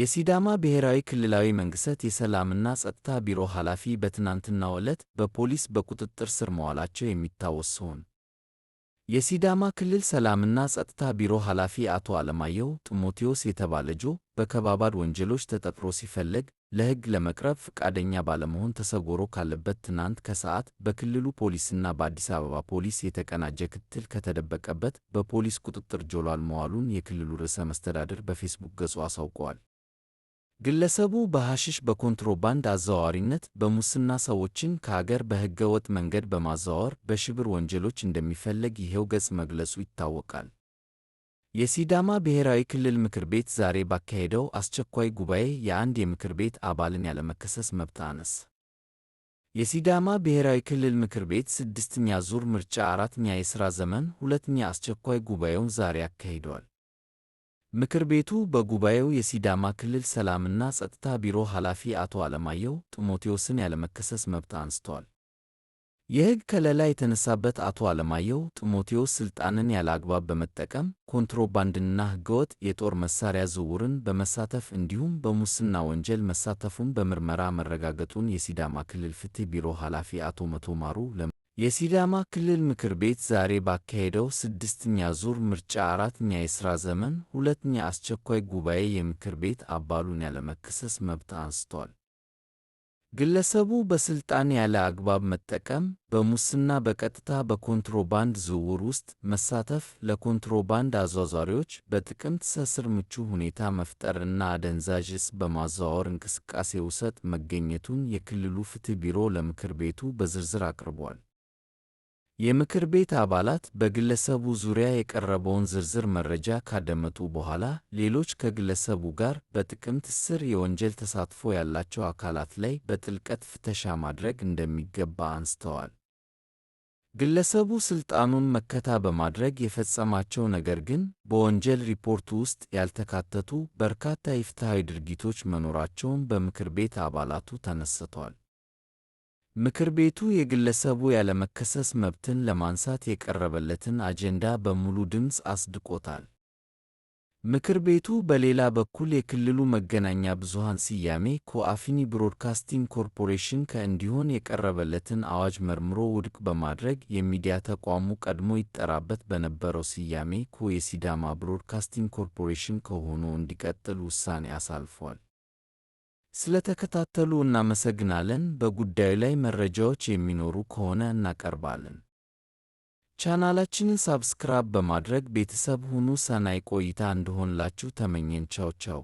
የሲዳማ ብሔራዊ ክልላዊ መንግሥት የሰላምና ጸጥታ ቢሮ ኃላፊ በትናንትናው ዕለት በፖሊስ በቁጥጥር ስር መዋላቸው የሚታወስ ሲሆን የሲዳማ ክልል ሰላምና ጸጥታ ቢሮ ኃላፊ አቶ አለማየሁ ጢሞቴዎስ የተባለ ጆ በከባባድ ወንጀሎች ተጠርጥሮ ሲፈለግ ለሕግ ለመቅረብ ፈቃደኛ ባለመሆን ተሰጎሮ ካለበት ትናንት ከሰዓት በክልሉ ፖሊስና በአዲስ አበባ ፖሊስ የተቀናጀ ክትትል ከተደበቀበት በፖሊስ ቁጥጥር ጆሏል መዋሉን የክልሉ ርዕሰ መስተዳድር በፌስቡክ ገጹ አሳውቀዋል። ግለሰቡ በሐሽሽ በኮንትሮባንድ አዘዋዋሪነት በሙስና ሰዎችን ከአገር በሕገወጥ መንገድ በማዘዋወር በሽብር ወንጀሎች እንደሚፈለግ ይኸው ገጽ መግለጹ ይታወቃል። የሲዳማ ብሔራዊ ክልል ምክር ቤት ዛሬ ባካሄደው አስቸኳይ ጉባኤ የአንድ የምክር ቤት አባልን ያለመከሰስ መብት አነስ የሲዳማ ብሔራዊ ክልል ምክር ቤት ስድስተኛ ዙር ምርጫ አራተኛ የሥራ ዘመን ሁለተኛ አስቸኳይ ጉባኤውን ዛሬ አካሂደዋል። ምክር ቤቱ በጉባኤው የሲዳማ ክልል ሰላምና ጸጥታ ቢሮ ኃላፊ አቶ አለማየሁ ጢሞቴዎስን ያለመከሰስ መብት አንስቷል። የሕግ ከለላ የተነሳበት አቶ አለማየሁ ጢሞቴዎስ ሥልጣንን ያለ አግባብ በመጠቀም ኮንትሮባንድንና ሕገወጥ የጦር መሣሪያ ዝውውርን በመሳተፍ እንዲሁም በሙስና ወንጀል መሳተፉን በምርመራ መረጋገጡን የሲዳማ ክልል ፍትሕ ቢሮ ኃላፊ አቶ መቶ ማሩ የሲዳማ ክልል ምክር ቤት ዛሬ ባካሄደው ስድስተኛ ዙር ምርጫ አራተኛ የሥራ ዘመን ሁለተኛ አስቸኳይ ጉባኤ የምክር ቤት አባሉን ያለመከሰስ መብት አንስቷል። ግለሰቡ በሥልጣን ያለ አግባብ መጠቀም፣ በሙስና፣ በቀጥታ በኮንትሮባንድ ዝውውር ውስጥ መሳተፍ፣ ለኮንትሮባንድ አዟዟሪዎች በጥቅምት ሰስር ምቹ ሁኔታ መፍጠርና አደንዛዥ ዕፅ በማዘዋወር እንቅስቃሴ ውሰጥ መገኘቱን የክልሉ ፍትሕ ቢሮ ለምክር ቤቱ በዝርዝር አቅርቧል። የምክር ቤት አባላት በግለሰቡ ዙሪያ የቀረበውን ዝርዝር መረጃ ካደመጡ በኋላ ሌሎች ከግለሰቡ ጋር በጥቅምት ስር የወንጀል ተሳትፎ ያላቸው አካላት ላይ በጥልቀት ፍተሻ ማድረግ እንደሚገባ አንስተዋል። ግለሰቡ ስልጣኑን መከታ በማድረግ የፈጸማቸው ነገር ግን በወንጀል ሪፖርቱ ውስጥ ያልተካተቱ በርካታ ኢፍትሐዊ ድርጊቶች መኖራቸውን በምክር ቤት አባላቱ ተነስቷል። ምክር ቤቱ የግለሰቡ ያለመከሰስ መብትን ለማንሳት የቀረበለትን አጀንዳ በሙሉ ድምፅ አስድቆታል። ምክር ቤቱ በሌላ በኩል የክልሉ መገናኛ ብዙሃን ስያሜ ኮአፊኒ ብሮድካስቲንግ ኮርፖሬሽን ከእንዲሆን የቀረበለትን አዋጅ መርምሮ ውድቅ በማድረግ የሚዲያ ተቋሙ ቀድሞ ይጠራበት በነበረው ስያሜ ኮ የሲዳማ ብሮድካስቲንግ ኮርፖሬሽን ከሆኑ እንዲቀጥል ውሳኔ አሳልፏል። ስለተከታተሉ እናመሰግናለን። በጉዳዩ ላይ መረጃዎች የሚኖሩ ከሆነ እናቀርባለን። ቻናላችንን ሳብስክራይብ በማድረግ ቤተሰብ ሁኑ። ሰናይ ቆይታ እንደሆንላችሁ ተመኘን። ቻው ቻው።